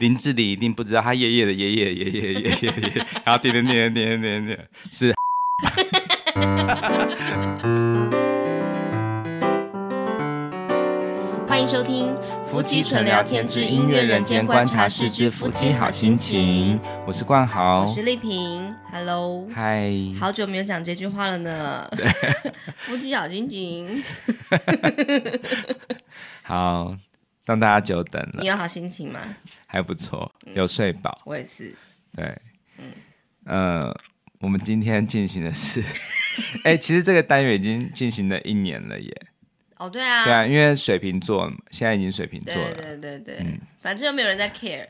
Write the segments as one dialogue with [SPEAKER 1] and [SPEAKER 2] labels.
[SPEAKER 1] 林志玲，一定不知道她爺爺的爺爺爺爺爺爺爺爺，然後點點點點點點點是。
[SPEAKER 2] 歡迎收聽夫妻純聊天之音樂人間觀察
[SPEAKER 1] 室之夫妻好星琴，我是冠豪，我是
[SPEAKER 2] 麗萍，Hello，
[SPEAKER 1] 嗨，好
[SPEAKER 2] 久沒有講這句話了呢。
[SPEAKER 1] 對，
[SPEAKER 2] 夫妻好星琴，
[SPEAKER 1] 好。讓大家久等了。你有好心情嗎？還不錯，有睡飽、嗯。我也是。對，嗯，呃，我們今天進行的是， 哎、欸，其實這個單元已經進行了一年了耶。哦，oh, 對啊，對啊，因為水瓶座現在已經水瓶座了，對
[SPEAKER 2] 對對對，嗯，反正又沒有人在 care，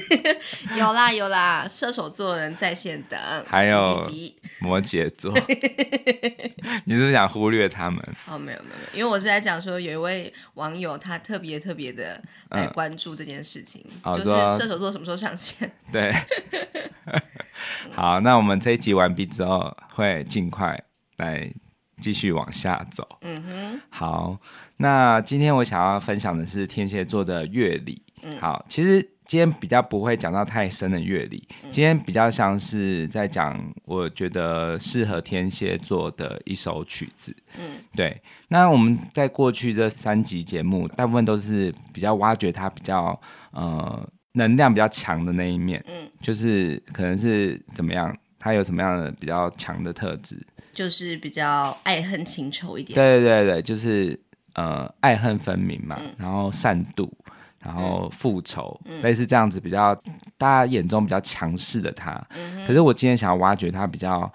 [SPEAKER 2] 有啦有啦，射手座的人在線等，還有機機
[SPEAKER 1] 摩羯座， 你是不是想忽略他們？
[SPEAKER 2] 哦，oh, 沒有沒有，因為我是在講說有一位網友他特別特別的
[SPEAKER 1] 來關
[SPEAKER 2] 注這件事情，嗯 oh, 就是射手座什麼時候上線？
[SPEAKER 1] 對， 好，那我們這一集完畢之後會盡快來。繼續往下走，嗯
[SPEAKER 2] 哼，
[SPEAKER 1] 好，那今天我想要分享的是天蠍座的樂理，嗯，好，其實今天比較不會講到太深的樂理，今天比較像是在講我覺得適合天蠍座的一首曲子，嗯，對，那我們在過去這三集節目，大部分都是比較挖掘它，比較呃能量比較強的那一面，嗯，就是可能是怎麼樣，它有什麼樣的比較強的特質。
[SPEAKER 2] 就是比較愛恨情仇一點，
[SPEAKER 1] 對對對，對就是呃愛恨分明嘛，嗯、然後善妒，然後復仇，嗯、類似這樣子比較大家眼中比較強勢的他。嗯、哼可是我今天想要挖掘他比較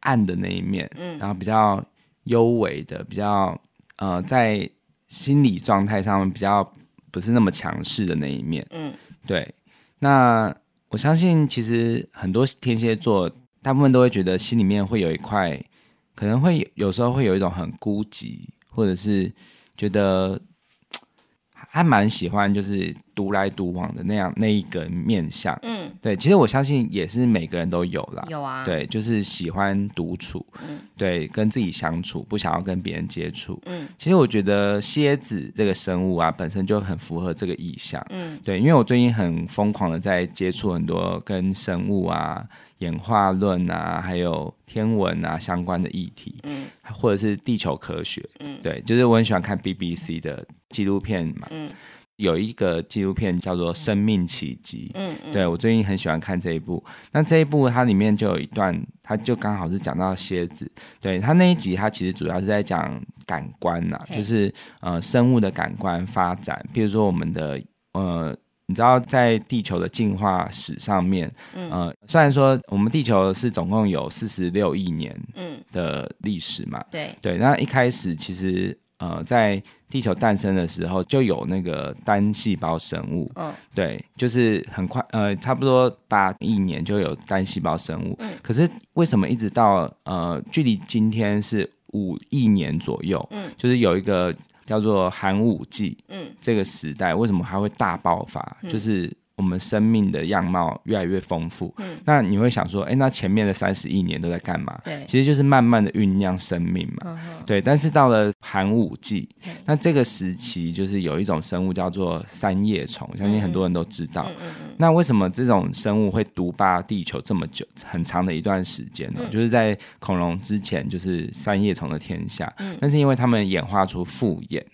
[SPEAKER 1] 暗的那一面，嗯、然後比較幽微的，比較呃在心理狀態上面比較不是那麼強勢的那一面。嗯，對，那我相信其實很多天蠍座大部分都會覺得心裡面會有一塊。可能會有時候會有一種很孤寂，或者是覺得還蠻喜歡就是獨來獨往的那樣那一個面相。嗯，對，其實我相信也是每個人都有啦。有啊，對，就是喜歡獨處，嗯、對，跟自己相處，不想要跟別人接觸。嗯，其實我覺得蠍子這個生物啊，本身就很符合這個意向。嗯，對，因為我最近很瘋狂的在接觸很多跟生物啊。演化論啊，還有天文啊，相關的議題，嗯，或者是地球科學，嗯，對，就是我很喜歡看 BBC 的紀錄片嘛，嗯，有一個紀錄片叫做《生命奇蹟》，嗯，對我最近很喜歡看這一部。那這一部它裡面就有一段，它就剛好是講到蠍子，對，它那一集它其實主要是在講感官吶、啊，嘿就是呃生物的感官發展，比如說我們的呃。你知道，在地球的進化史上面，嗯，呃，雖然說我們地球是總共有四十六億年，嗯，的歷史嘛，嗯、對，對。那一開始其實，呃，在地球誕生的時候就有那個單細胞生物，嗯、哦，對，就是很快，呃，差不多八億年就有單細胞生物。嗯、可是為什麼一直到呃，距離今天是五億年左右，嗯，就是有一個。叫做寒武紀，嗯，這個時代為什麼還會大爆發？嗯、就是。我們生命的樣貌越來越豐富，那你會想說，哎，那前面的三十億年都在幹嘛？對，其實就是慢慢的醞釀生命嘛。對，但是到了寒武紀，那這個時期就是有一種生物叫做三葉蟲，相信很多人都知道。那為什麼這種生物會獨霸地球這麼久，很長的一段時間呢？就是在恐龍之前，就是三葉蟲的天下。嗯，但是因為他們演化出複眼，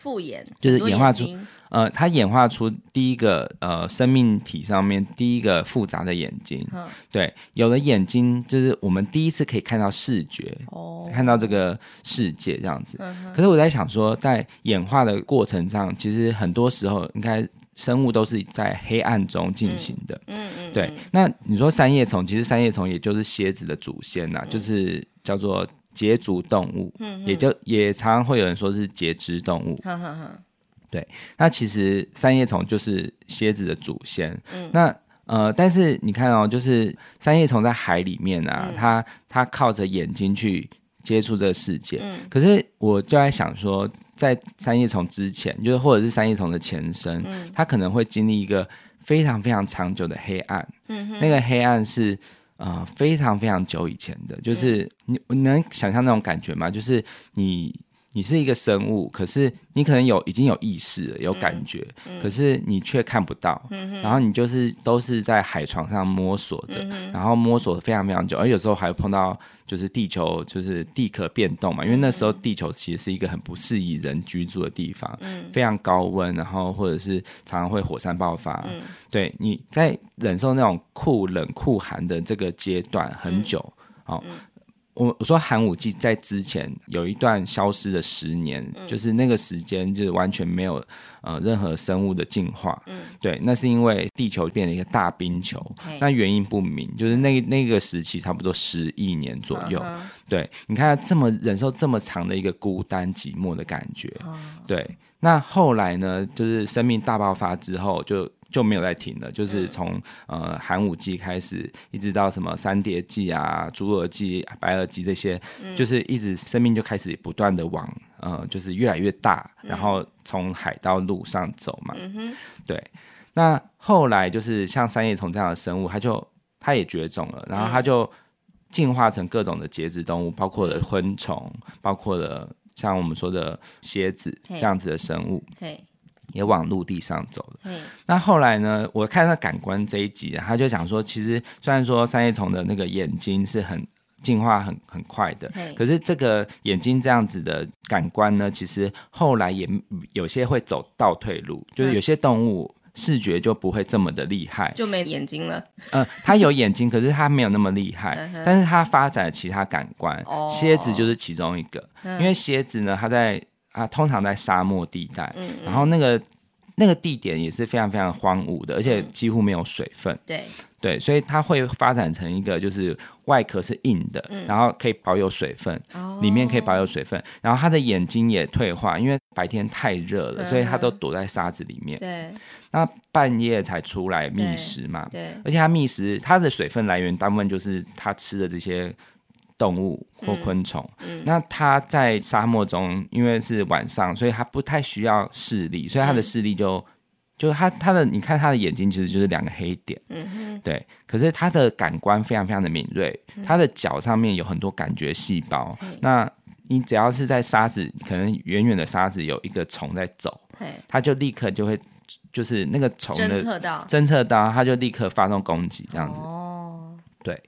[SPEAKER 2] 複眼就是演化出。
[SPEAKER 1] 呃，它演化出第一個，呃，生命體上面第一個複雜的眼睛，呵對，有了眼睛就是我們第一次可以看到視覺，哦、看到這個世界這樣子。呵呵可是我在想說，在演化的過程上，其實很多時候應該生物都是在黑暗中進行的。嗯嗯。對，那你說三葉蟲，其實三葉蟲也就是蠍子的祖先吶、啊，嗯，就是叫做節足動物，嗯，也就也常常會有人說是節肢動物。呵呵呵呵對，那其實三葉蟲就是蠍子的祖先。嗯，那呃，但是你看哦，就是三葉蟲在海裡面啊，嗯、它它靠着眼睛去接觸這個世界。嗯，可是我就在想說，在三葉蟲之前，就是或者是三葉蟲的前身，嗯、它可能會經歷一個非常非常長久的黑暗。嗯
[SPEAKER 3] 哼、那個黑
[SPEAKER 1] 暗是呃非常非常久以前的，就是你、嗯、你能想象那種感覺嗎？就是你。你是一個生物，可是你可能有已經有意識、了，有感覺，嗯嗯、可是你卻看不到。嗯、哼然後你就是都是在海床上摸索着，嗯、哼然後摸索非常非常久，而有時候還碰到就是地球就是地殼變動嘛。嗯、哼因為那時候地球其實是一個很不適宜人居住的地方，嗯、非常高溫，然後或者是常常會火山爆發。嗯、對，你在忍受那種酷冷酷寒的這個階段很久、嗯、哦。嗯我我說寒武紀在之前有一段消失的十年，嗯、就是那個時間就是完全沒有呃任何生物的進化，嗯、對，那是因為地球變成了一個大冰球，嘿那原因不明，就是那那個時期差不多十億年左右，呵呵對，你看他這麼忍受這麼長的一個孤單寂寞的感覺，呵對，那後來呢，就是生命大爆發之後就。就沒有再停了，就是從、嗯、呃寒武紀開始，一直到什麼三疊紀啊、侏羅紀、白堊紀這些，嗯、就是一直生命就開始不斷的往呃，就是越來越大，然後從海到陸上走嘛。嗯、對，那後來就是像三葉蟲這樣的生物，它就它也絕種了，然後它就進化成各種的節肢動物，包括了昆蟲，包括了像我們說的蠍子這樣子的生物。嘿嘿也往陸地上走了。嗯，那後來呢？我看到感官這一集、啊，他就講說，其實雖然說三葉蟲的那個眼睛是很進化很很快的，嘿可是這個眼睛這樣子的感官呢，其實後來也有些會走倒退路，嗯、就是有些動物視覺就不會這麼的厲害，就
[SPEAKER 2] 沒眼睛了。
[SPEAKER 1] 嗯、呃，它有眼睛， 可是它沒有那麼厲害，嗯、哼但是它發展了其他感官。哦、蠍子就是其中一個，嗯、因為蠍子呢，它在。啊，通常在沙漠地帶，嗯嗯，然後那個那個地點也是非常非常荒蕪的，嗯、而且幾乎沒有水分。嗯、對對，所以它會發展成一個，就是外殼是硬的，嗯、然後可以保有水分，哦、裡面可以保有水分。然後它的眼睛也退化，因為白天太熱了，嗯、所以它都躲在沙子裡面。
[SPEAKER 2] 對，
[SPEAKER 1] 那半夜才出來覓食嘛。對，對而且它覓食，它的水分來源大部分就是它吃的這些。動物或昆蟲，嗯，嗯，那它在沙漠中，因為是晚上，所以它不太需要視力，所以它的視力就，嗯、就它它的，你看它的眼睛其實就是兩個黑點，嗯
[SPEAKER 3] 嗯哼，對。
[SPEAKER 1] 可是它的感官非常非常的敏銳，它的腳上面有很多感覺細胞。嗯、那你只要是在沙子，可能遠遠的沙子有一個蟲在走，嘿它就立刻就會，就是那個蟲的偵測到，偵測到，它就立刻發動攻擊這樣子，哦，對。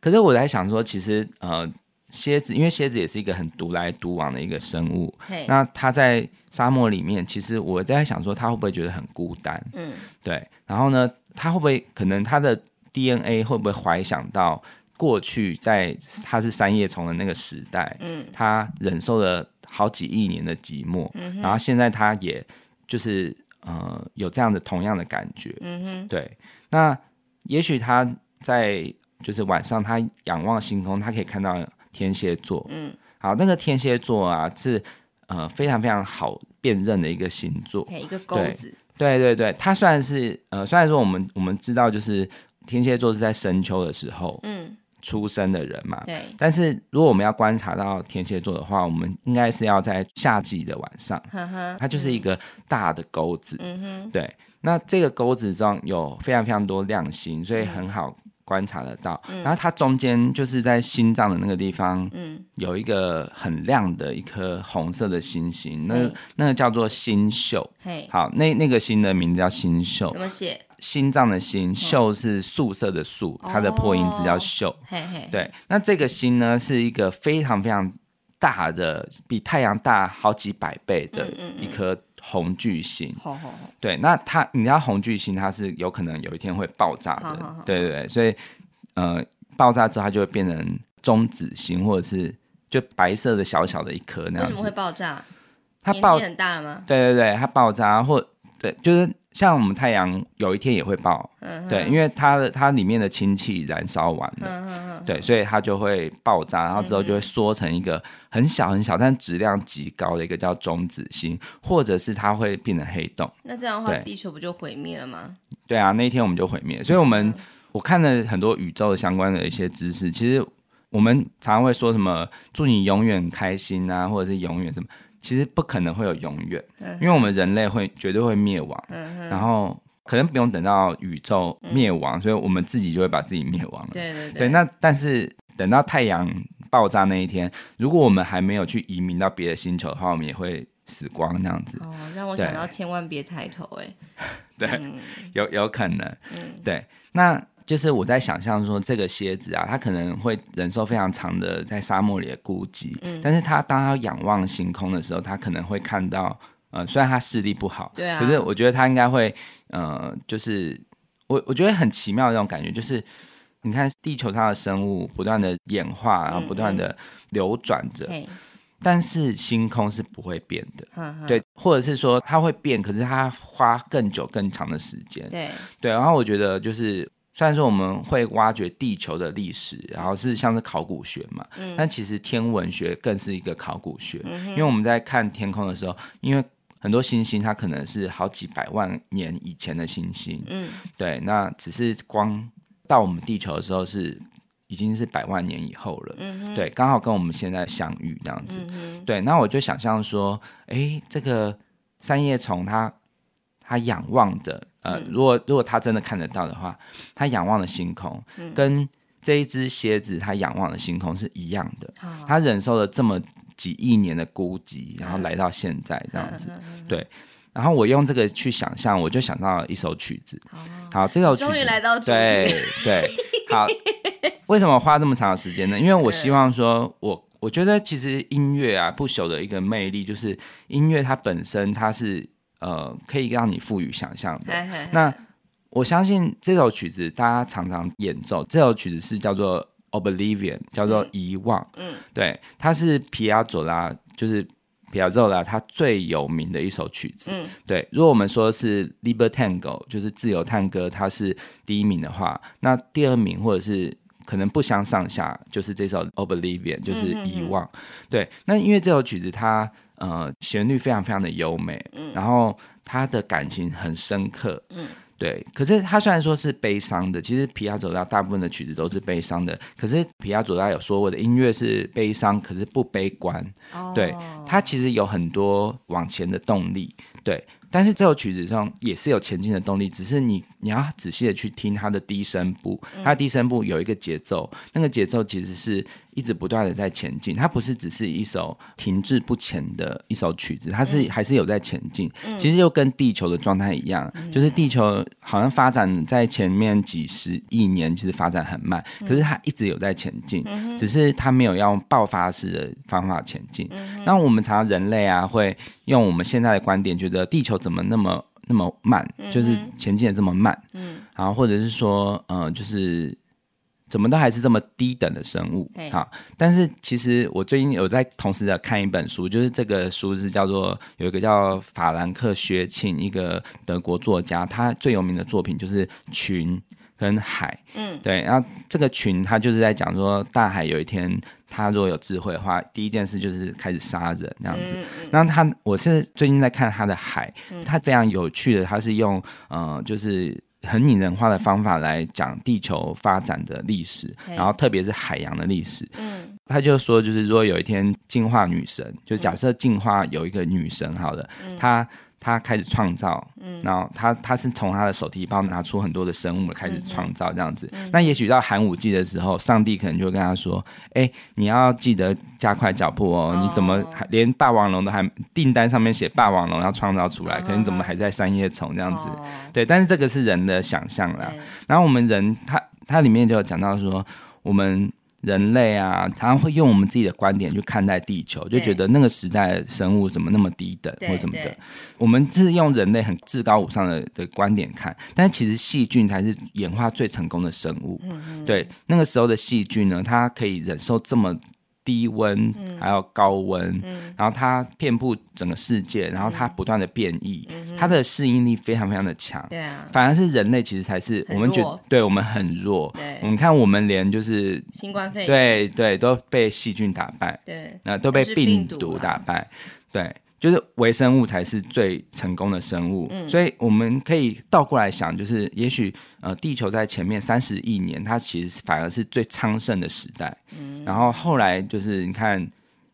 [SPEAKER 1] 可是我在想說，其實呃，蠍子因為蠍子也是一個很獨來獨往的一個生物，嘿那它在沙漠裡面，其實我在想說，它會不會覺得很孤單？嗯，對。然後呢，它會不會可能它的 DNA 會不會懷想到過去在它是三葉蟲的那個時代？嗯，它忍受了好幾億年的寂寞。嗯、哼然後現在它也就是、呃、有這樣的同樣的感覺。嗯哼對。那也許它在。就是晚上，他仰望星空，他可以看到天蠍座。嗯，好，那個天蠍座啊，是呃非常非常好辨認的一個星座，一個鈎子。對，對對對，它雖然是呃雖然說我們我們知道，就是天蠍座是在深秋的時候，嗯，出生的人嘛。對，嗯，但是如果我們要觀察到天蠍座的話，我們應該是要在夏季的晚上。嗯
[SPEAKER 3] 哼，呵，它就
[SPEAKER 1] 是一個大的鈎子。嗯哼，對，那這個鈎子中有非常非常多亮星，所以很好。觀察得到，嗯、然後它中間就是在心臟的那個地方，嗯、有一個很亮的一顆紅色的星星，嗯、那那個叫做心宿。嘿好，那那個星的名字叫心宿，怎麼寫？心臟的心，宿嘿是素色的素，哦、它的破音字叫宿。嘿嘿嘿對，那這個星呢，是一個非常非常，大的，比太陽大好幾百倍的一顆紅巨星，嗯嗯嗯對，那它你知道紅巨星它是有可能有一天會爆炸的，好好好對對對，所以、呃、爆炸之後它就會變成中子星或者是就白色的小小的一顆那樣子，為
[SPEAKER 2] 什麼會爆
[SPEAKER 1] 炸？它爆，年紀很大了嗎？對對對，它爆炸或對就是。像我們太陽有一天也會爆，呵
[SPEAKER 2] 呵對，因為
[SPEAKER 1] 它的它裡面的氫氣燃燒完
[SPEAKER 2] 了，呵呵呵
[SPEAKER 1] 對，所以它就會爆炸，然後之後就會縮成一個很小很小但質量極高的一個叫中子星，或者是它會變成黑洞。那這
[SPEAKER 2] 樣的話，對地球不就毀滅了嗎？
[SPEAKER 1] 對啊，那一天我們就毀滅。所以，我們呵呵我看了很多宇宙的相關的一些知識，其實我們常常會說什麼“祝你永遠開心”啊，或者是永遠什麼。其實不可能會有永遠，嗯、哼因為我們人類會絕對會滅亡，嗯、哼然後可能不用等到宇宙滅亡，嗯、所以我們自己就會把自己滅亡
[SPEAKER 3] 了。對對對。對，
[SPEAKER 1] 那但是等到太陽爆炸那一天，如果我們還沒有去移民到別的星球的話，我們也會死光這樣子。哦，讓我想到
[SPEAKER 2] 千萬別抬頭、欸，
[SPEAKER 1] 哎，對， 對嗯、有有可能，嗯、對，那。就是我在想象說，這個蠍子啊，它可能會忍受非常長的在沙漠裡的孤寂。嗯，但是它當它仰望星空的時候，它可能會看到，嗯、呃，雖然它視力不好，對啊，可是我覺得它應該會，嗯、呃，就是我我覺得很奇妙的那種感覺，就是你看地球上的生物不斷的演化，然後不斷的流轉着，嗯嗯、但是星空是不會變的， 對，或者是說它會變，可是它花更久更長的時間，對對，然後我覺得就是。雖然說我們會挖掘地球的歷史，然後是像是考古學嘛，嗯、但其實天文學更是一個考古學，嗯、哼因為我們在看天空的時候，因為很多星星它可能是好幾百萬年以前的星星，嗯，對，那只是光到我們地球的時候是已經是百萬年以後了，嗯哼，對，剛好跟我們現在相遇這樣子，嗯、哼對，那我就想象說，哎、欸，這個三葉蟲它。他仰望的，呃，如果如果他真的看得到的話，嗯、他仰望的星空，跟這一只蠍子他仰望的星空是一樣的。嗯、他忍受了這麼幾億年的孤寂，然後來到現在這樣子。嗯、對，然後我用這個去想象，我就想到了一首曲子。嗯、好，這首曲子終於來到，對對。好， 為什麼花這麼長的時間呢？因為我希望說，嗯、我我覺得其實音樂啊，不朽的一個魅力就是音樂它本身它是。呃，可以讓你賦予想象的。嘿嘿嘿。那，我相信這首曲子大家常常演奏，這首曲子是叫做《Oblivion》，叫做遺、嗯、忘。嗯，對，它是皮亞佐拉，就是皮亞佐拉他最有名的一首曲子。嗯、對，如果我們說是《Libertango》，就是自由探戈，它是第一名的話，那第二名或者是可能不相上下，就是這首《Oblivion》，就是遺忘。嗯、哼哼對，那因為這首曲子它。呃，旋律非常非常的優美，嗯，然後他的感情很深刻，嗯，對。可是他雖然說是悲傷的，其實皮亞佐拉大部分的曲子都是悲傷的。可是皮亞佐拉有說過，我的音樂是悲傷，可是不悲觀。哦，對，他其實有很多往前的動力，對。但是這首曲子上也是有前進的動力，只是你你要仔細的去聽他的低聲部，嗯，他的低聲部有一個節奏，那個節奏其實是。一直不斷的在前進，它不是只是一首停滯不前的一首曲子，它是還是有在前進。其實又跟地球的狀態一樣，就是地球好像發展在前面幾十億年其實發展很慢，可是它一直有在前進，只是它沒有用爆發式的方法前進。那我們常常人類啊，會用我們現在的觀點覺得地球怎麼那麼那麼慢，就是前進的這麼慢。嗯，然後或者是說，呃，就是。怎麼都還是這麼低等的生物，嘿好。但是其實我最近有在同時的看一本書，就是這個書是叫做有一個叫法蘭克·薛慶，一個德國作家，他最有名的作品就是《群》跟《海》。嗯，對。然後這個《群》他就是在講說大海有一天，他如果有智慧的話，第一件事就是開始殺人這樣子。然後他、嗯，我是最近在看他的《海》，他非常有趣的，他是用嗯、呃，就是。很擬人化的方法來講地球發展的歷史，嘿然後特別是海洋的歷史。嗯，他就說，就是說有一天進化女神，就假設進化有一個女神好了，好的，嗯，她。他開始創造，然後他他是從他的手提包拿出很多的生物開始創造這樣子。嗯嗯，那也許到寒武紀的時候，上帝可能就會跟他說：“哎、欸，你要記得加快腳步哦！你怎麼還連霸王龍都還訂單上面寫霸王龍要創造出來，可能你怎麼還在三葉蟲這樣子？”對，但是這個是人的想象啦。然後我們人，他他裡面就有講到說我們。人類啊，常常會用我們自己的觀點去看待地球，對就覺得那個時代生物怎麼那麼低等或什麼的。我們是用人類很至高無上的的觀點看，但其實細菌才是演化最成功的生物。嗯、哼對，那個時候的細菌呢，它可以忍受這麼。低溫，還有高溫，然後它遍布整個世界，然後它不斷的變異，它的適應力非常非常的強。對啊，反而是人類其實才是我們覺得，對我們很弱。對，你看我們連就是
[SPEAKER 2] 新冠肺炎，對
[SPEAKER 1] 對，都被細菌打敗，對，那都被病毒打敗，對，就是微生物才是最成功的生物。所以我們可以倒過來想，就是也許呃，地球在前面三十億年，它其實反而是最昌盛的時代。然後後來就是你看，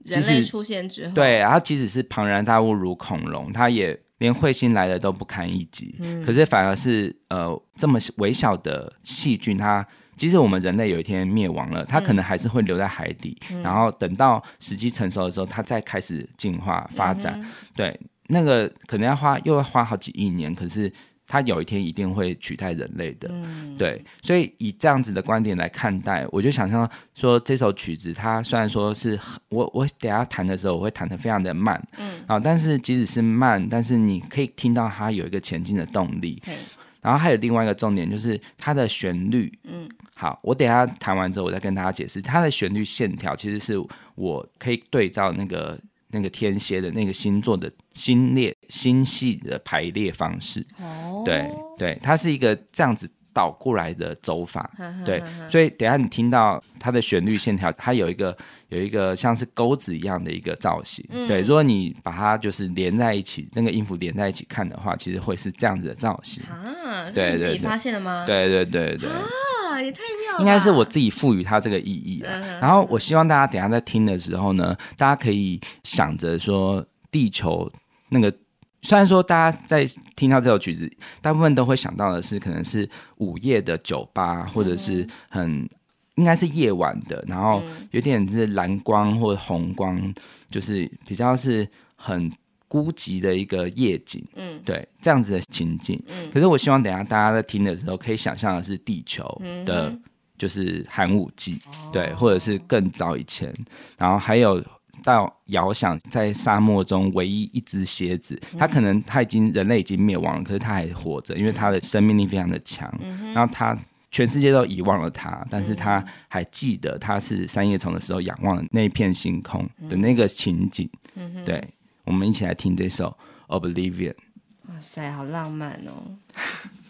[SPEAKER 1] 人類出
[SPEAKER 2] 現之後，對，
[SPEAKER 1] 然後即使是龐然大物如恐龍，它也連彗星來的都不堪一擊。嗯，可是反而是呃這麼微小的細菌，它即使我們人類有一天滅亡了，它可能還是會留在海底。嗯，然後等到時機成熟的時候，它再開始進化發展。嗯哼，對，那個可能要花又要花好幾億年，可是。它有一天一定會取代人類的，嗯、對，所以以這樣子的觀點來看待，我就想象說這首曲子，它雖然說是我，我我等下彈的時候我會彈得非常的慢，嗯啊、喔，但是即使是慢，但是你可以聽到它有一個前進的動力，嘿然後還有另外一個重點就是它的旋律，嗯，好，我等下彈完之後，我再跟大家解釋它的旋律線條，其實是我可以對照那個。那個天蠍的那個星座的星列星系的排列方式，哦、對對，它是一個這樣子倒過來的走法，呵呵呵對，所以等一下你聽到它的旋律線條，它有一個有一個像是鈎子一樣的一個造型，嗯、對，如果你把它就是連在一起，那個音符連在一起看的話，其實會是這樣子的造型啊，你自己發現了嗎？對，對對對對。也太妙了，應該是我自己賦予它這個意義的啊。 然後我希望大家等一下在聽的時候呢，大家可以想着說，地球那個雖然說大家在聽到這首曲子，大部分都會想到的是可能是午夜的酒吧，或者是很應該是夜晚的，然後有點是藍光或者紅光，就是比較是很。孤寂的一個夜景，嗯，對，這樣子的情景。嗯，可是我希望等下大家在聽的時候，可以想象的是地球的，就是寒武紀，嗯哼，對，或者是更早以前。哦，然後還有到遙想在沙漠中唯一一隻蠍子，它可能它已經人類已經滅亡了，可是它還活着，因為它的生命力非常的強。嗯，然後它全世界都遺忘了它，但是它還記得它是三葉蟲的時候仰望的那一片星空的那個情景。嗯哼，對。我們一起來聽這首《Oblivion》。
[SPEAKER 2] 哇塞，好浪漫哦！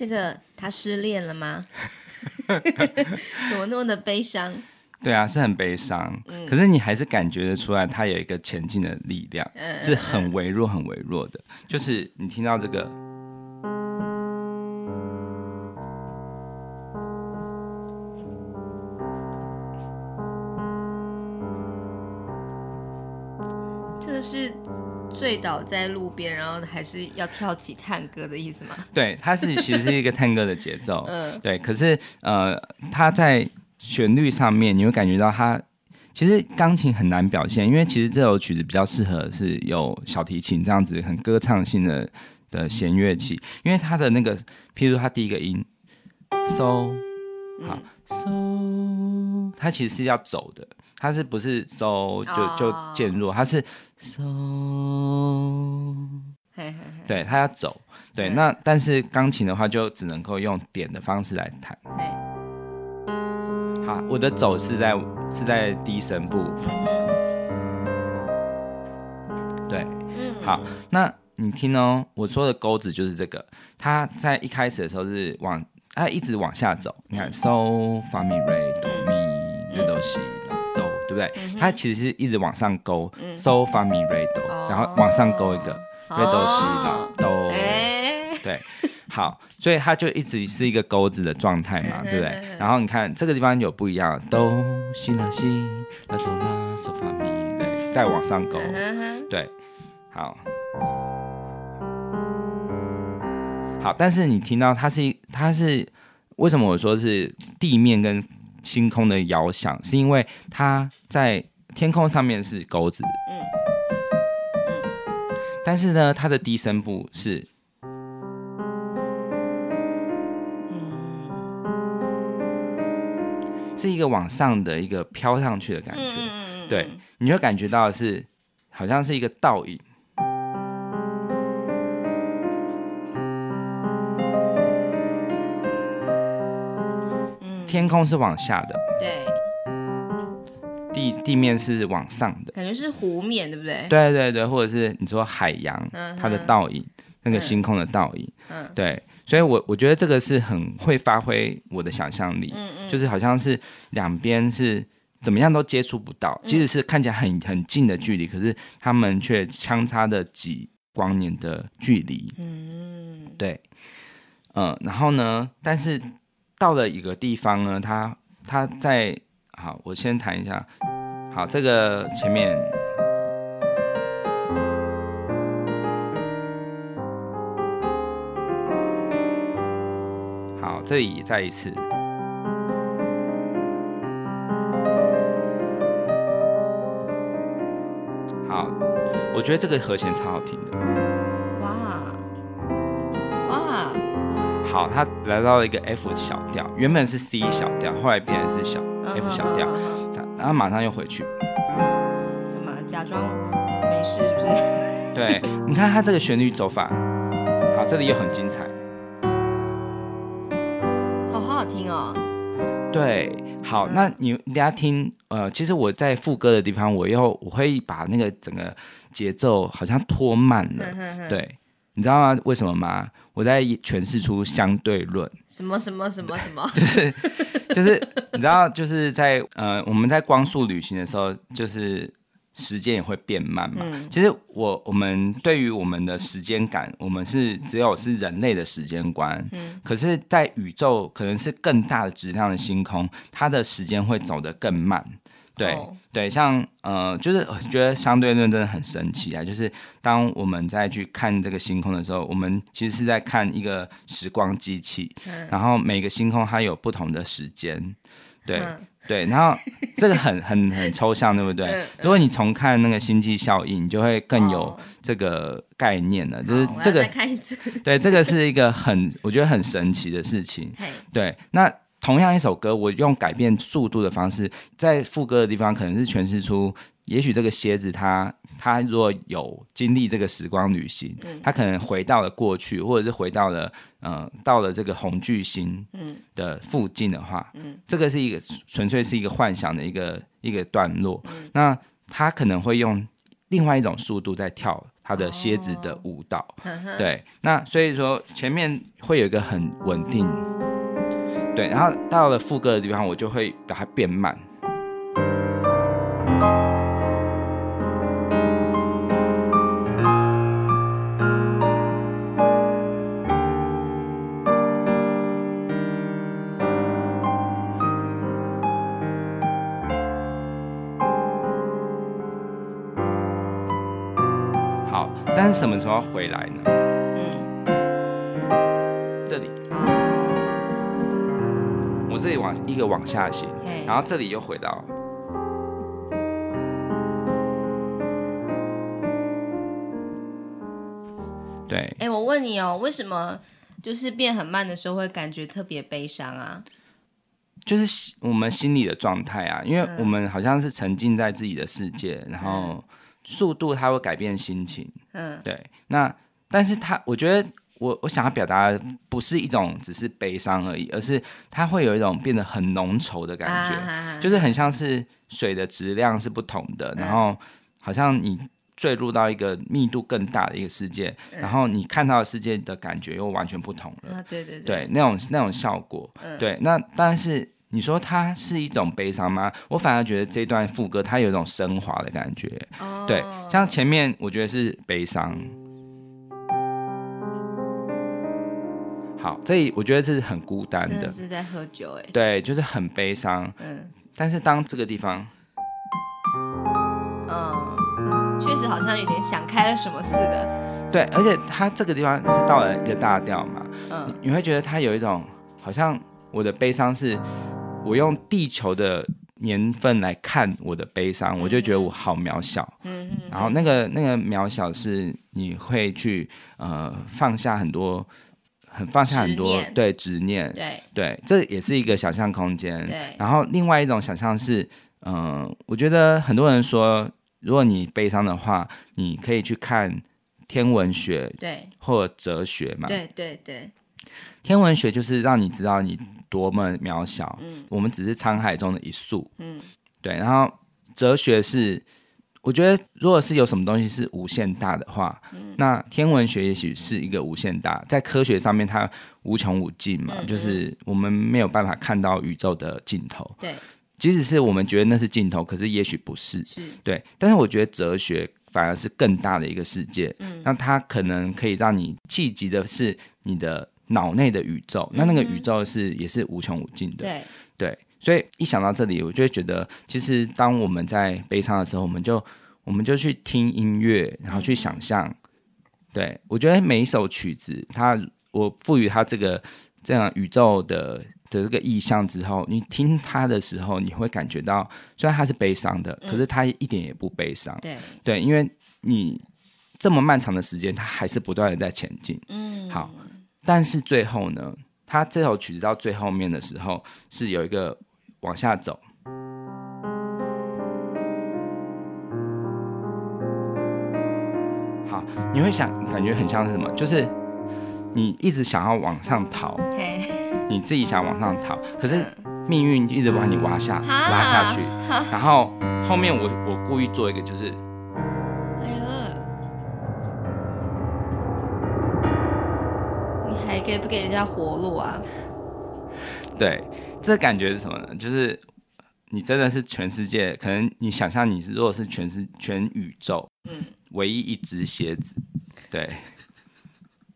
[SPEAKER 2] 這個他失戀了嗎？ 怎麼那麼的悲傷？
[SPEAKER 1] 對啊，是很悲傷。可是你還是感覺得出來，他有一個前進的力量，嗯、是很微弱、很微弱的。就是你聽到這個。
[SPEAKER 2] 倒在路邊，然後還是要跳起探戈的意思嗎？
[SPEAKER 1] 對，它是其實是一個探戈的節奏。 嗯，對。可是呃，它在旋律上面，你會感覺到它其實鋼琴很難表現，因為其實這首曲子比較適合是有小提琴這樣子很歌唱性的的弦樂器，因為它的那個，譬如它第一個音，so，好，so，它其實是要走的。它是不是收、so, 就就漸弱？Oh. 它是收、so,，hey, hey , hey. 對，它要走。對，Hey. 那但是鋼琴的話，就只能夠用點的方式來彈。Hey. 好，我的走是在是在低聲部。Hey. 對，嗯，好，那你聽哦，我說的鈎子就是這個。它在一開始的時候是往，它一直往下走。你看，so fa mi re do mi re do si。對不對？嗯、哼它其實是一直往上勾，so far mi re do，然後往上勾一個 re do si la do，對，好，所以它就一直是一個鈎子的狀態嘛，對不對？嗯、哼然後你看這個地方有不一樣，do si la si la so far mi re，再往上勾，嗯、哼對，好，好，但是你聽到它是一，它是為什麼我說是地面跟？星空的遙想，是因為它在天空上面是鈎子嗯嗯、但是呢，它的低聲部是，嗯、是一個往上的一個飄上去的感覺，嗯嗯嗯嗯，對，你會感覺到是，好像是一個倒影。天空是往下的，對地，地面是往上的，
[SPEAKER 2] 感覺是湖面，對不對？
[SPEAKER 1] 對對對，或者是你說海洋，嗯、哼它的倒影，嗯、那個星空的倒影，嗯，對。所以我，我我覺得這個是很會發揮我的想象力，嗯嗯，就是好像是兩邊是怎麼樣都接觸不到，嗯、即使是看起來很很近的距離，可是他們卻相差的幾光年的距離，嗯，對，嗯、呃，然後呢，嗯、但是。到了一個地方呢，他他在好，我先彈一下，好，這個前面，好，這裡再一次，好，我覺得這個和弦超好聽的，哇。Wow. 好，他來到了一個 F 小調，原本是 C 小調，後來變成是小、嗯、F 小調，他、嗯、然後他馬上又回去，
[SPEAKER 2] 幹嘛？假裝沒事是不是？
[SPEAKER 1] 對，你看他這個旋律走法，好，這裡、個、又很精彩，
[SPEAKER 2] 哦，好好聽哦。
[SPEAKER 1] 對，好，嗯、那你等下聽，呃，其實我在副歌的地方，我又我會把那個整個節奏好像拖慢了，嗯嗯、對。你知道嗎？為什麼嗎？我在詮釋出相對論，
[SPEAKER 2] 什麼什麼什麼什麼，就是
[SPEAKER 1] 就是你知道，就是在呃，我們在光速旅行的時候，就是時間也會變慢嘛。嗯、其實我我們對於我們的時間感，我們是只有是人類的時間觀，嗯，可是，在宇宙可能是更大的質量的星空，它的時間會走得更慢。對對，像呃，就是覺得相對論真的很神奇啊！就是當我們再去看這個星空的時候，我們其實是在看一個時光機器，嗯、然後每個星空它有不同的時間，對、嗯、對。然後這個很很很抽象，對不對？嗯、如果你重看那個星際效應，嗯、你就會更有這個概念了。哦、就是這個，對，這個是一個很我覺得很神奇的事情。嘿對，那。同樣一首歌，我用改變速度的方式，在副歌的地方，可能是詮釋出，也許這個蠍子它它如果有經歷這個時光旅行，它、嗯、可能回到了過去，或者是回到了嗯、呃，到了這個紅巨星的附近的話，嗯、這個是一個純粹是一個幻想的一個一個段落。嗯、那它可能會用另外一種速度在跳它的蠍子的舞蹈，哦、 對。那所以說前面會有一個很穩定。對，然後到了副歌的地方，我就會把它變慢。好，但是什麼時候要回來呢？這裡往一個往下行，Okay. 然後這裡又回到。對，哎、
[SPEAKER 2] 欸，我問你哦，為什麼就是變很慢的時候會感覺特別悲傷
[SPEAKER 1] 啊？就是我們心理的狀態啊，因為我們好像是沉浸在自己的世界，嗯、然後速度它會改變心情。嗯，對。那但是它，我覺得。我我想要表達的不是一種只是悲傷而已，而是它會有一種變得很濃稠的感覺，啊啊啊、就是很像是水的質量是不同的，嗯、然後好像你墜入到一個密度更大的一個世界，然後你看到的世界的感覺又完全不同了。
[SPEAKER 3] 嗯啊、對
[SPEAKER 1] 對對，對那種那種效果，嗯、對那但是你說它是一種悲傷嗎？我反而覺得這段副歌它有一種升華的感覺，哦、對，像前面我覺得是悲傷。好，所以我覺得這是很孤單的，就是在喝酒哎、欸，對，就是很悲傷，嗯，但是當這個地方，
[SPEAKER 2] 嗯，確實好像有點想開了什麼似的，
[SPEAKER 1] 對，而且它這個地方是到了一個大調嘛，嗯你，你會覺得它有一種好像我的悲傷是，我用地球的年份來看我的悲傷，嗯、我就覺得我好渺小，嗯嗯，然後那個那個渺小是你會去呃放下很多。很放下很多，對執念，對念對，對，這也是一個想象空間。對。然後另外一種想象是，嗯、呃，我覺得很多人說，如果你悲傷的話，你可以去看天文學，對，或哲學嘛，對，對對對。天文學就是讓你知道你多麼渺小，嗯，我們只是滄海中的一粟，嗯，對。然後哲學是。我覺得，如果是有什麼東西是無限大的話，嗯、那天文學也許是一個無限大，在科學上面它無窮無盡嘛，嗯嗯，就是我們沒有辦法看到宇宙的盡頭。
[SPEAKER 3] 對，
[SPEAKER 1] 即使是我們覺得那是盡頭，可是也許不是。是，對。但是我覺得哲學反而是更大的一個世界，嗯、那它可能可以讓你企及的是你的腦內的宇宙，嗯嗯，那那個宇宙是也是無窮無盡的。對。對所以一想到這裡，我就會覺得，其實當我們在悲傷的時候，我們就我們就去聽音樂，然後去想象。對，我覺得每一首曲子，它我賦予它這個這樣宇宙的的這個意象之後，你聽它的時候，你會感覺到，雖然它是悲傷的，可是它一點也不悲傷。對對，因為你這麼漫長的時間，它還是不斷的在前進。嗯，好，但是最後呢，他這首曲子到最後面的時候，是有一個。往下走，好，你會想，感覺很像是什麼？就是你一直想要往上逃，Okay. 你自己想往上逃，可是命運一直把你挖下、拉下去。Huh? Huh? 然後後面我我故意做一個，就是，
[SPEAKER 2] 你還給不給人家活路啊？
[SPEAKER 1] 對。這感覺是什麼呢？就是你真的是全世界，可能你想象你是如果是全世全宇宙，嗯、唯一一隻蠍子，對。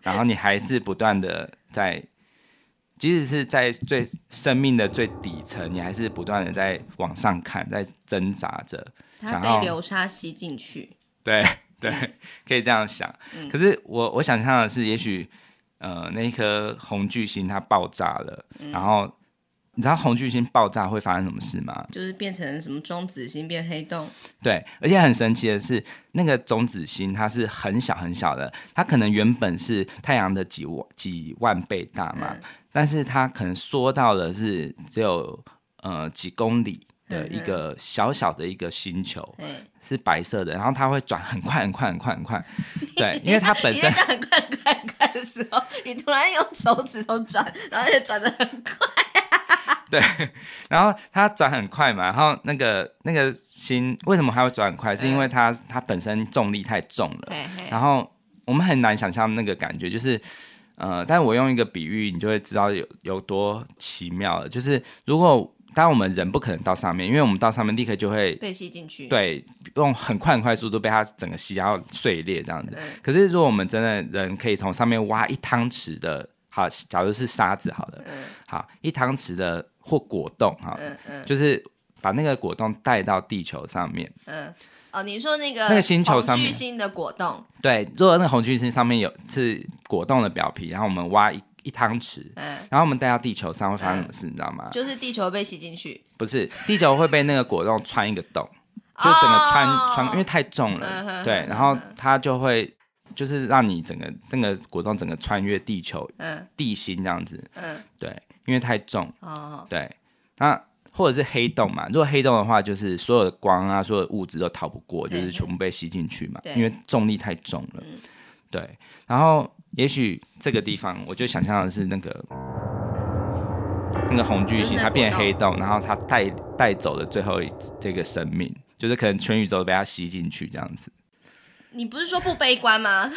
[SPEAKER 1] 然後你還是不斷的在， 即使是在最生命的最底層，你還是不斷的在往上看，在掙扎着，想要他被流
[SPEAKER 2] 沙吸進去。
[SPEAKER 1] 對對，可以這樣想。嗯、可是我我想象的是，也許呃，那一顆紅巨星它爆炸了，然後。嗯你知道紅巨星爆炸會發生什麼事嗎？
[SPEAKER 2] 就是變成什麼中子星變黑洞。
[SPEAKER 1] 對，而且很神奇的是，那個中子星它是很小很小的，它可能原本是太陽的幾萬幾萬倍大嘛，嗯、但是它可能縮到的是只有呃幾公里的一個小小的一個星球，嗯嗯是白色的，然後它會轉很快很快很快很快， 對，因為它本身很
[SPEAKER 2] 快很快,快,快的時候，你突然用手指頭轉，然後也轉得很快。
[SPEAKER 1] 對， 然後它轉很快嘛，然後那個那個心為什麼還會轉很快？是因為它它本身重力太重了。對嘿，然後我們很難想象那個感覺，就是呃，但我用一個比喻，你就會知道有有多奇妙了。就是如果，當我們人不可能到上面，因為我們到上面立刻就會被
[SPEAKER 3] 吸進去。對，
[SPEAKER 1] 用很快很快速度被它整個吸，然後碎裂這樣子。嗯、可是如果我們真的人可以從上面挖一湯匙的，好，假如是沙子好了，好的，好一湯匙的。或果凍哈，嗯嗯，就是把那個果凍帶到地球上面，嗯，
[SPEAKER 2] 哦，你說那個那個星球上面巨星的果凍，
[SPEAKER 1] 對，如果那個紅巨星上面有是果凍的表皮，然後我們挖一一湯匙，嗯，然後我們帶到地球上會發生什麼事，你知道嗎？就
[SPEAKER 2] 是地球被吸進去，
[SPEAKER 1] 不是地球會被那個果凍穿一個洞，就整個穿穿，因為太重了，對，然後它就會就是讓你整個那個果凍整個穿越地球，嗯，地心這樣子，嗯，對。因為太重哦，對，那或者是黑洞嘛。如果黑洞的話，就是所有的光啊，所有的物質都逃不過，對就是全部被吸進去嘛，對因為重力太重了，嗯、對。然後也許這個地方，我就想象的是那個那個紅巨星它變成黑洞，然後它帶帶走的最後一個這個生命，就是可能全宇宙都被它吸進去這樣子。
[SPEAKER 2] 你不是說不悲觀嗎？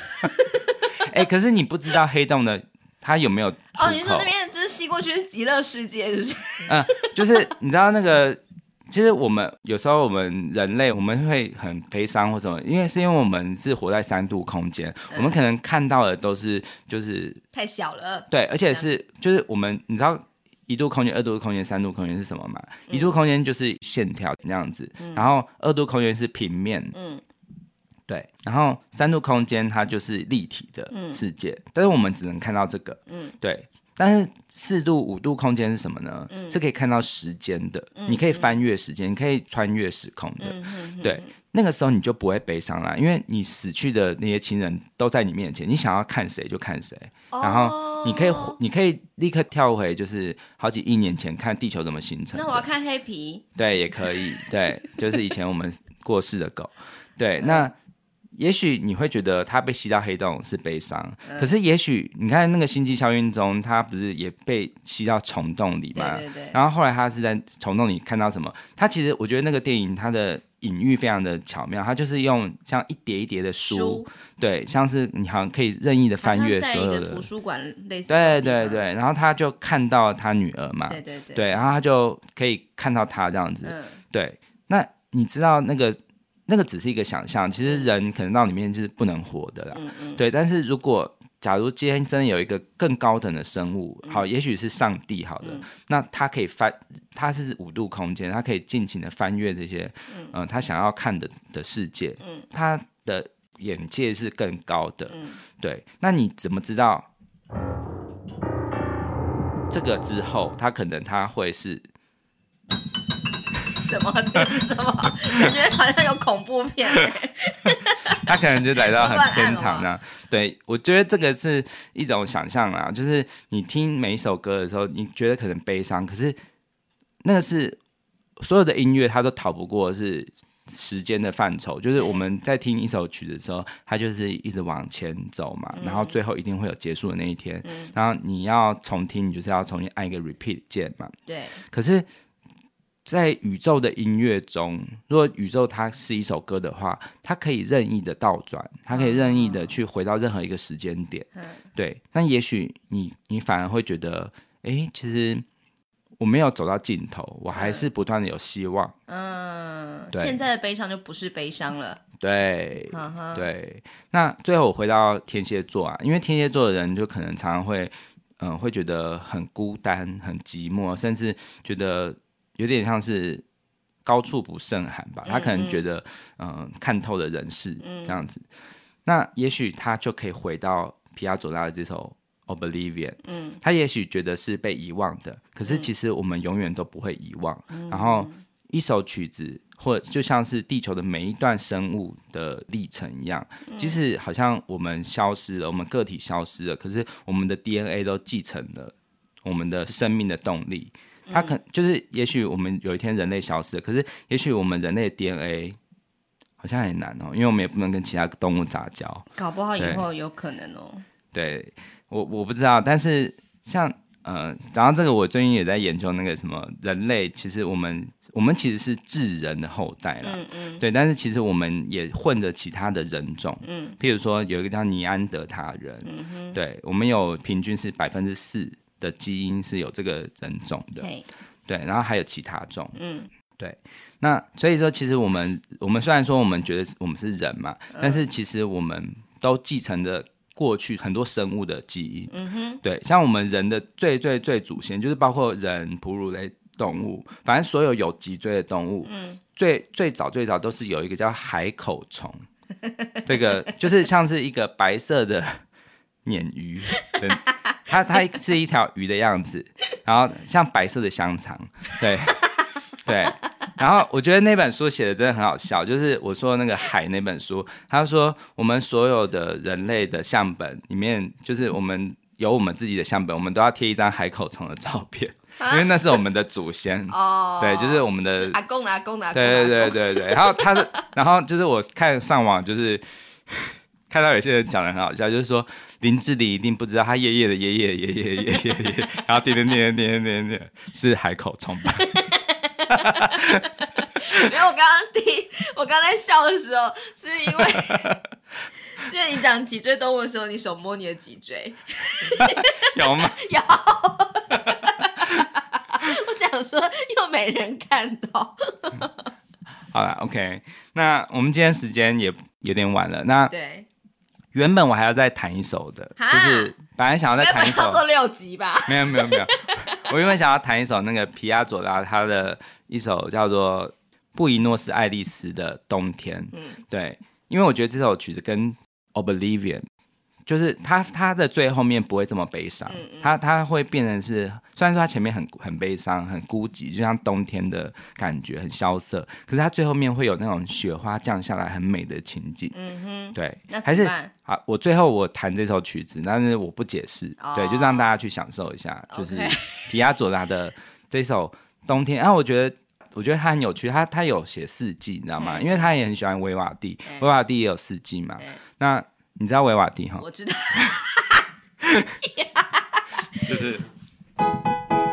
[SPEAKER 1] 哎、 欸，可是你不知道黑洞的。他有沒有出口？哦，你說那邊
[SPEAKER 2] 就是吸過去是極樂世界，是不
[SPEAKER 1] 是？就是。嗯，就是你知道那個， 其實我們有時候我們人類我們會很悲傷或什麼，因為是因為我們是活在三度空間，嗯、我們可能看到的都是就是
[SPEAKER 2] 太小了。
[SPEAKER 1] 對，而且是就是我們你知道一度空間、嗯、二度空間、三度空間是什麼嗎？一度空間就是線條那樣子，嗯、然後二度空間是平面。嗯。對，然後三度空間它就是立體的世界，嗯、但是我們只能看到這個。嗯，對。但是四度、五度空間是什麼呢？嗯，是可以看到時間的，嗯、你可以翻越時間，嗯、你可以穿越時空的。嗯、哼哼哼對，那個時候你就不會悲傷了，因為你死去的那些親人都在你面前，你想要看誰就看誰。然後你可以，哦、你可以立刻跳回，就是好幾億年前看地球怎麼形成。那
[SPEAKER 2] 我要看黑皮。
[SPEAKER 1] 對，也可以。對，就是以前我們過世的狗。 對，那。也許你會覺得他被吸到黑洞是悲傷，呃、可是也許你看那個星際效應中，他不是也被吸到蟲洞裡嗎？對，對對。然後後來他是在蟲洞裡看到什麼？他其實我覺得那個電影他的隱喻非常的巧妙，他就是用像一疊一疊的書，書對，像是你好像可以任意的翻閱所有的圖書館類似。對，對對對，然後他就看到他女兒嘛，對，對對對，對，然後他就可以看到他這樣子，呃、對。那你知道那個？那個只是一個想象，其實人可能到裡面就是不能活的啦。嗯嗯對，但是如果假如今天真的有一個更高等的生物，好，也許是上帝，好的，嗯、那他可以翻，他是五度空間，他可以盡情的翻閱這些，嗯、呃，他想要看的的世界，他的眼界是更高的，嗯、對，那你怎麼知道這個之後，他可能他會是？
[SPEAKER 2] 什麼？這是什麼？感覺好像有恐怖片、
[SPEAKER 1] 欸、 他可能就來到很平常這樣。對，我覺得這個是一種想象啊。就是你聽每一首歌的時候，你覺得可能悲傷，可是那個是所有的音樂，它都逃不過是時間的範疇。就是我們在聽一首曲子的時候，它就是一直往前走嘛，然後最後一定會有結束的那一天。然後你要重聽，你就是要重新按一個 repeat 鍵嘛。對。可是。在宇宙的音樂中，如果宇宙它是一首歌的話，它可以任意的倒轉，它可以任意的去回到任何一個時間點。哦、呵呵，對。那也許你你反而會覺得，哎、欸，其實我沒有走到盡頭，我還是不斷的有希望。
[SPEAKER 2] 嗯，嗯，對，現在的悲傷就不是悲傷了。
[SPEAKER 1] 對，哦、呵，對。那最後我回到天蠍座啊，因為天蠍座的人就可能常常會，嗯、呃，會覺得很孤單、很寂寞，甚至覺得。有點像是高處不勝寒吧，他可能覺得，嗯，嗯、呃，看透了人世、嗯、這樣子，那也許他就可以回到皮亞佐拉的這首《Oblivion》。嗯，他也許覺得是被遺忘的，可是其實我們永遠都不會遺忘。嗯、然後，一首曲子，或者就像是地球的每一段生物的歷程一樣，即使好像我們消失了，我們個體消失了，可是我們的 DNA 都繼承了我們的生命的動力。嗯、他可就是，也許我們有一天人類消失了，可是也許我們人類的 DNA 好像很難哦，因為我們也不能跟其他動物雜交，
[SPEAKER 2] 搞不好以後對有可能哦。
[SPEAKER 1] 對，我我不知道，但是像呃，講到這個，我最近也在研究那個什麼人類，其實我們我們其實是智人的後代了，嗯嗯對，但是其實我們也混着其他的人種，嗯，譬如說有一個叫尼安德塔人，嗯哼對我們有平均是百分之四。的基因是有這個人種的，Hey. 對，然後還有其他種，嗯，對。那所以說，其實我們我們雖然說我們覺得我們是人嘛，uh. 但是其實我們都繼承着過去很多生物的基因，嗯哼，對。像我們人的最，最最最祖先，就是包括人、哺乳類動物，反正所有有脊椎的動物，嗯，最最早最早都是有一個叫海口蟲，
[SPEAKER 3] 這個就
[SPEAKER 1] 是像是一個白色的鯰魚。 人 它它是一條魚的樣子，然後像白色的香腸，對對，然後我覺得那本書寫的真的很好笑，就是我說那個海那本書，他說我們所有的人類的相本裡面，就是我們有我們自己的相本，我們都要貼一張海口蟲的照片，啊、因為那是我們的祖先哦，對，就是我們的阿
[SPEAKER 2] 公的阿公的，對對
[SPEAKER 1] 對對對，然後他然後就是我看上網就是。看到有些人講的很好笑，就是說林志玲一定不知道她爺爺的爺爺爺爺爺爺爺爺，然後點點點點點點是海口蟲。因
[SPEAKER 2] 為我剛剛聽，我剛在笑的時候是因為，因為你講脊椎動物的時候，你手摸你的脊椎，
[SPEAKER 1] 有嗎？
[SPEAKER 2] 有。我講說又沒人看到。
[SPEAKER 1] 好了，OK，那我們今天時間也有點晚了，那對。原本我還要再彈一首的，哈就是本來想要再彈一首
[SPEAKER 2] 六集吧，沒
[SPEAKER 1] 有沒有沒有， 我原本想要彈一首那個皮亞佐拉他的一首叫做布宜諾斯艾利斯的冬天，嗯、對，因為我覺得這首曲子跟 Oblivion 就是他他的最後面不會這麼悲傷，他他、嗯嗯、會變成是。雖然說他前面很很悲傷、很孤寂，就像冬天的感覺很蕭瑟，可是他最後面會有那種雪花降下來很美的情景。嗯
[SPEAKER 3] 哼，對，還是
[SPEAKER 1] 好，我最後我彈這首曲子，但是我不解釋，對，就讓大家去享受一下，就是皮亞佐拉的這首《冬天》。然後我覺得，我覺得他很有趣，他他有寫四季，你知道嗎？因為他也很喜歡維瓦蒂，維瓦蒂也有四季嘛。那你知道維瓦蒂哈？我
[SPEAKER 2] 知道，就是。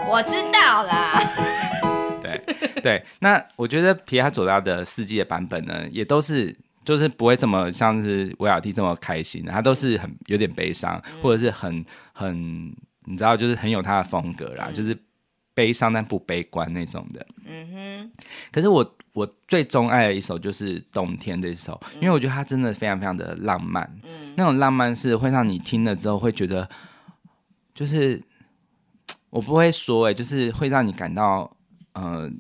[SPEAKER 2] 我知道啦
[SPEAKER 1] 對對，那我覺得皮亞佐拉的四季的版本呢，也都是就是不會這麼像是韋瓦第這麼開心的。他都是很有點悲傷，或者是很很你知道，就是很有他的風格啦，嗯、就是悲傷但不悲觀那種的。嗯哼。可是我我最鍾愛的一首就是冬天這一首，因為我覺得它真的非常非常的浪漫。嗯、那種浪漫是會讓你聽了之後會覺得，就是。我不會說哎、欸，就是會讓你感到，呃，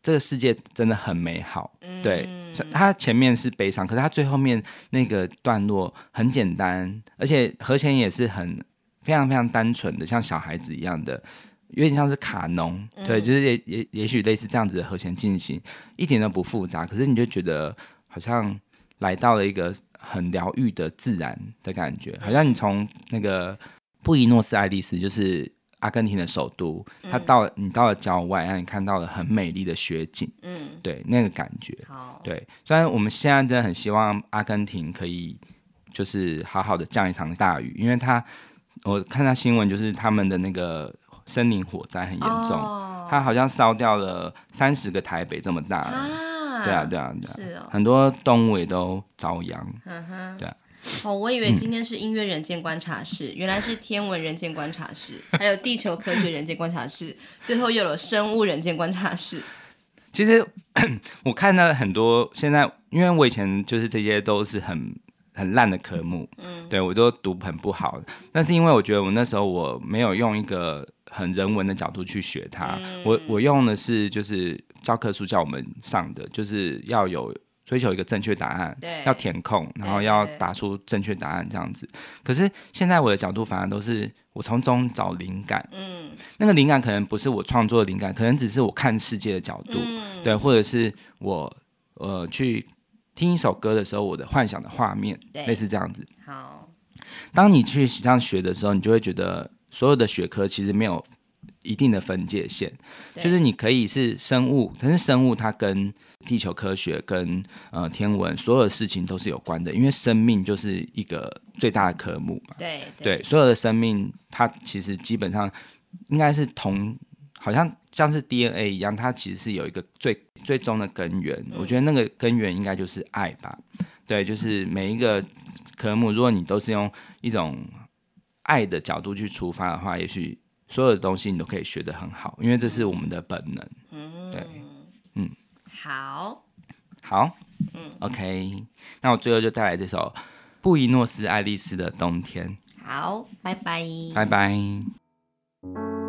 [SPEAKER 1] 這個世界真的很美好。對，它前面是悲傷，可是它最後面那個段落很簡單，而且和弦也是很非常非常單純的，像小孩子一樣的，有點像是卡農，對，就是也也也許類似這樣子的和弦進行，一點都不複雜。可是你就覺得好像來到了一個很療癒的自然的感覺，好像你從那個布宜諾斯艾利斯就是。阿根廷的首都，它到了、嗯、你到了郊外，讓你看到了很美麗的雪景，嗯，對，那個感覺，好對。雖然我們現在真的很希望阿根廷可以就是好好的降一場大雨，因為他，我看他新聞就是他們的那個森林火災很嚴重，哦、他好像燒掉了三十個台北這麼大，啊，啊，對啊對啊對啊，對啊是、哦、很多動物也都遭殃，嗯哼，對、啊。
[SPEAKER 2] 哦，我以為今天是音樂人間觀察室，嗯、原來是天文人間觀察室， 還有地球科學人間觀察室，最後又有了生物人間觀察室。
[SPEAKER 1] 其實我看到很多現在，因為我以前就是這些都是很很爛的科目，嗯，對，我都讀很不好。但是因為我覺得我那時候我沒有用一個很人文的角度去學它，嗯、我我用的是就是教科書叫我們上的，就是要有。追求一個正確答案，對，要填空，然後要答出正確答案這樣子。對對對，可是現在我的角度反而都是我從中找靈感，嗯，那個靈感可能不是我創作的靈感，可能只是我看世界的角度，嗯，對，或者是我呃去聽一首歌的時候，我的幻想的畫面，對，類似這樣子。
[SPEAKER 3] 好，
[SPEAKER 1] 當你去實際上學的時候，你就會覺得所有的學科其實沒有一定的分界線，對就是你可以是生物，但是生物它跟地球科學跟呃天文所有的事情都是有關的，因為生命就是一個最大的科目嘛。對對，對，所有的生命它其實基本上應該是同，好像像是 DNA 一樣，它其實是有一個最最終的根源。嗯，我覺得那個根源應該就是愛吧。對，就是每一個科目，如果你都是用一種愛的角度去出發的話，也許所有的東西你都可以學得很好，因為這是我們的本能。嗯，對。好好，好，嗯，OK，那我最後就帶來這首《布宜諾斯艾利斯的冬天》。
[SPEAKER 2] 好，拜拜，
[SPEAKER 1] 拜拜。